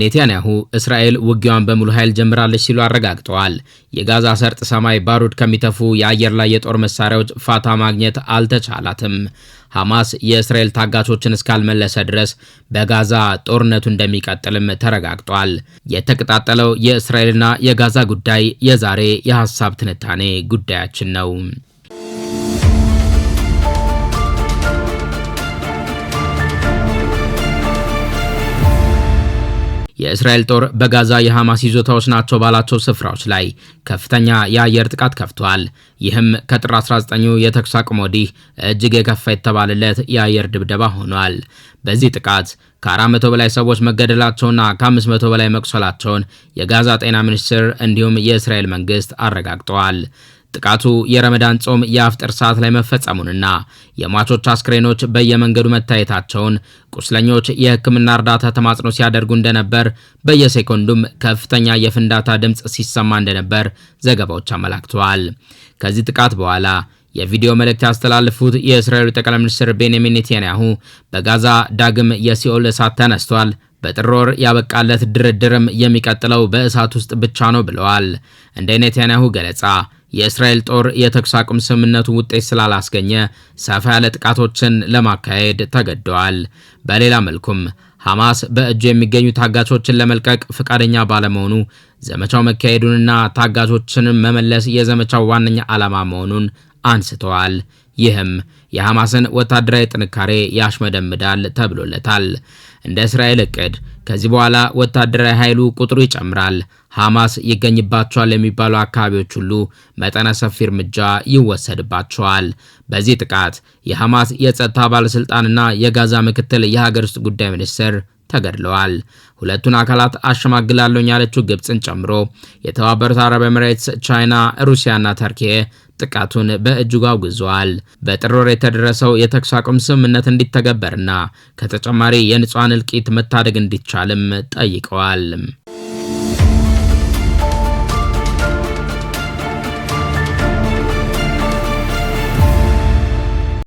ኔታንያሁ እስራኤል ውጊያዋን በሙሉ ኃይል ጀምራለች ሲሉ አረጋግጠዋል። የጋዛ ሰርጥ ሰማይ ባሩድ ከሚተፉ የአየር ላይ የጦር መሳሪያዎች ፋታ ማግኘት አልተቻላትም። ሐማስ የእስራኤል ታጋቾችን እስካልመለሰ ድረስ በጋዛ ጦርነቱ እንደሚቀጥልም ተረጋግጧል። የተቀጣጠለው የእስራኤልና የጋዛ ጉዳይ የዛሬ የሐሳብ ትንታኔ ጉዳያችን ነው። የእስራኤል ጦር በጋዛ የሐማስ ይዞታዎች ናቸው ባላቸው ስፍራዎች ላይ ከፍተኛ የአየር ጥቃት ከፍቷል። ይህም ከጥር 19 የተኩስ አቁም ወዲህ እጅግ የከፋ የተባለለት የአየር ድብደባ ሆኗል። በዚህ ጥቃት ከ400 በላይ ሰዎች መገደላቸውና ከ500 በላይ መቁሰላቸውን የጋዛ ጤና ሚኒስቴር እንዲሁም የእስራኤል መንግስት አረጋግጠዋል። ጥቃቱ የረመዳን ጾም የአፍጥር ሰዓት ላይ መፈጸሙንና የሟቾች አስክሬኖች በየመንገዱ መታየታቸውን፣ ቁስለኞች የሕክምና እርዳታ ተማጽኖ ሲያደርጉ እንደነበር፣ በየሴኮንዱም ከፍተኛ የፍንዳታ ድምፅ ሲሰማ እንደነበር ዘገባዎች አመላክተዋል። ከዚህ ጥቃት በኋላ የቪዲዮ መልእክት ያስተላልፉት የእስራኤሉ ጠቅላይ ሚኒስትር ቤንያሚን ኔታንያሁ በጋዛ ዳግም የሲኦል እሳት ተነስቷል፣ በጥር ወር ያበቃለት ድርድርም የሚቀጥለው በእሳት ውስጥ ብቻ ነው ብለዋል። እንደ ኔታንያሁ ገለጻ የእስራኤል ጦር የተኩስ አቁም ስምምነቱ ውጤት ስላላስገኘ ሰፋ ያለ ጥቃቶችን ለማካሄድ ተገደዋል። በሌላ መልኩም ሐማስ በእጁ የሚገኙ ታጋቾችን ለመልቀቅ ፈቃደኛ ባለመሆኑ ዘመቻው መካሄዱንና ታጋቾችንም መመለስ የዘመቻው ዋነኛ ዓላማ መሆኑን አንስተዋል። ይህም የሐማስን ወታደራዊ ጥንካሬ ያሽመደምዳል ተብሎለታል። እንደ እስራኤል እቅድ ከዚህ በኋላ ወታደራዊ ኃይሉ ቁጥሩ ይጨምራል። ሐማስ ይገኝባቸዋል የሚባሉ አካባቢዎች ሁሉ መጠነ ሰፊ እርምጃ ይወሰድባቸዋል። በዚህ ጥቃት የሐማስ የጸጥታ ባለሥልጣንና የጋዛ ምክትል የሀገር ውስጥ ጉዳይ ሚኒስትር ተገድለዋል። ሁለቱን አካላት አሸማግላለሁኝ ያለችው ግብፅን ጨምሮ የተባበሩት አረብ ኤምሬትስ፣ ቻይና፣ ሩሲያና ተርኬ ጥቃቱን በእጅጉ አውግዘዋል። በጥር ወር የተደረሰው የተኩስ አቁም ስምምነት እንዲተገበርና ከተጨማሪ የንጹሐን እልቂት መታደግ እንዲቻልም ጠይቀዋል።